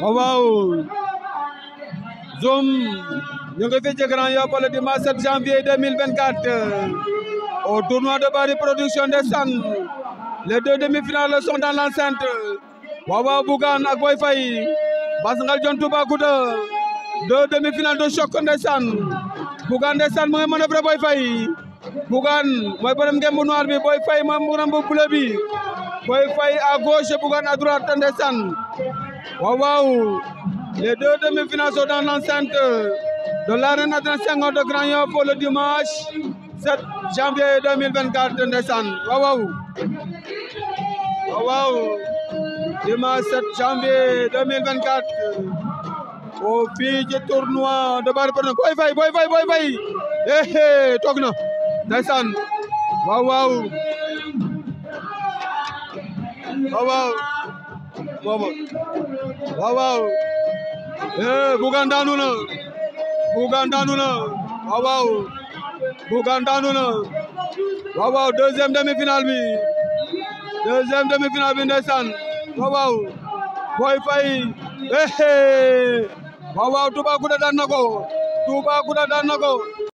Oh, waaw Zoum ñu ngi fi ci Grand Yoff le dimanche 7 janvier 2024 au tournoi de Bari production des Sangue les deux demi-finales sont dans l'enceinte waaw waaw Bougane ak Boy Faye Bass Ngal John Toubacouta deux demi-finales de choc ndeysaan Bougane ndeysaan mu ngi manœuvre Boy Faye Bougane mooy borom ngembu noir bi Boy Faye mooy borom bu bleu bi Waouh, Les deux demi-finales dans l'enceinte de l'arène Adrien de Grand pour le dimanche 7 janvier 2024 de Waouh, waouh Dimanche 7 janvier 2024 au fil tournoi de Barcelone. Boy, boy, boy, boy, boy, boy Eh, eh, Togna Ndeysaan Waouh, waouh Waouh, waouh boobu waaw waaw eh na Bougane na waaw waaw na waaw waaw demi-finale bi deuxième demi-finale bi ndeysaan waaw waaw Boy Faye eh, eh. na ko Toubacouta na ko